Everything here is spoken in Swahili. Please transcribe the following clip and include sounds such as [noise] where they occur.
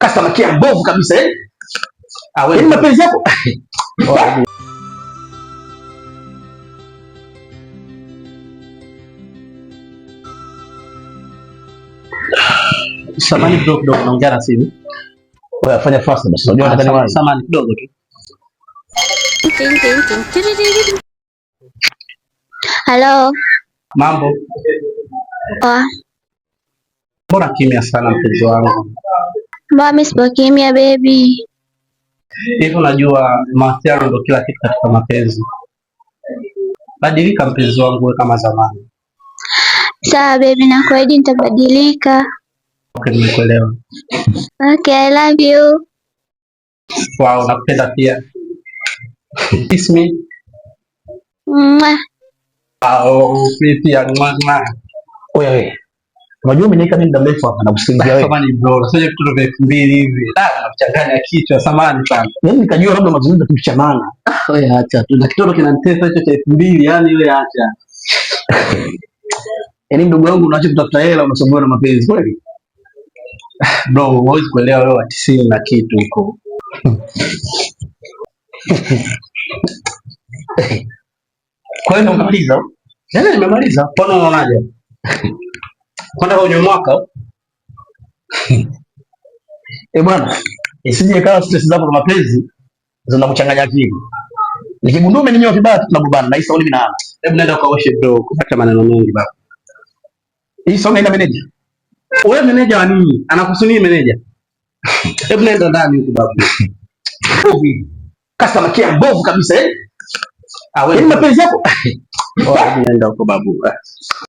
customer care mbovu kabisa eh? Yaani mapenzi yako [laughs] samani kidogo kidogo, naongea na simu. Wewe fanya fast basi, unajua ah, nataka niwahi. Samani kidogo tu. Hello. Mambo. Ah. Mbona kimya sana mpenzi wangu? Mami, sipokimia baby. Hivi unajua mahusiano ndio kila kitu katika mapenzi. Badilika mpenzi wangu, we kama zamani. Sawa baby, nakuahidi nitabadilika. Okay, nimekuelewa. Okay, I love you. Wow, nakupenda pia. Kiss me. Mwa. Au, pia mwa mwa. Wewe. Unajua umenika mimi muda mrefu hapa na kusinzia wewe. Samahani bro, usije kitu kwa 2000 mbili hivi. Ah, unachanganya kichwa, samani sana. Mimi yaani nikajua labda mazungumzo kitu cha maana. Ah, wewe acha tu. Na kitoto kinanitesa hicho cha 2000 yani wewe acha. Yaani ndugu wangu unaacha kutafuta hela unasumbuliwa na mapenzi kweli? Bro, huwezi kuelewa wewe atisini na kitu huko. Kwa hiyo nimemaliza. Yaani nimemaliza. Mbona unaonaje? kwenda kwenye mwaka [laughs] e bwana, eh. isije kawa stress zako za mapenzi zinakuchanganya akili. Nikigundua umenyenywa vibaya tunabubana na Isa mimi na hebu naenda ukaoshe bro, kupata maneno mengi baba. Hii songa ina meneja. Wewe meneja wa nini? Anakuhusu nini meneja. [laughs] Hebu naenda ndani huko baba. Bovu. Customer care bovu kabisa eh. Ah wewe. Ni yaani mapenzi yako? [laughs] Oh, naenda huko babu.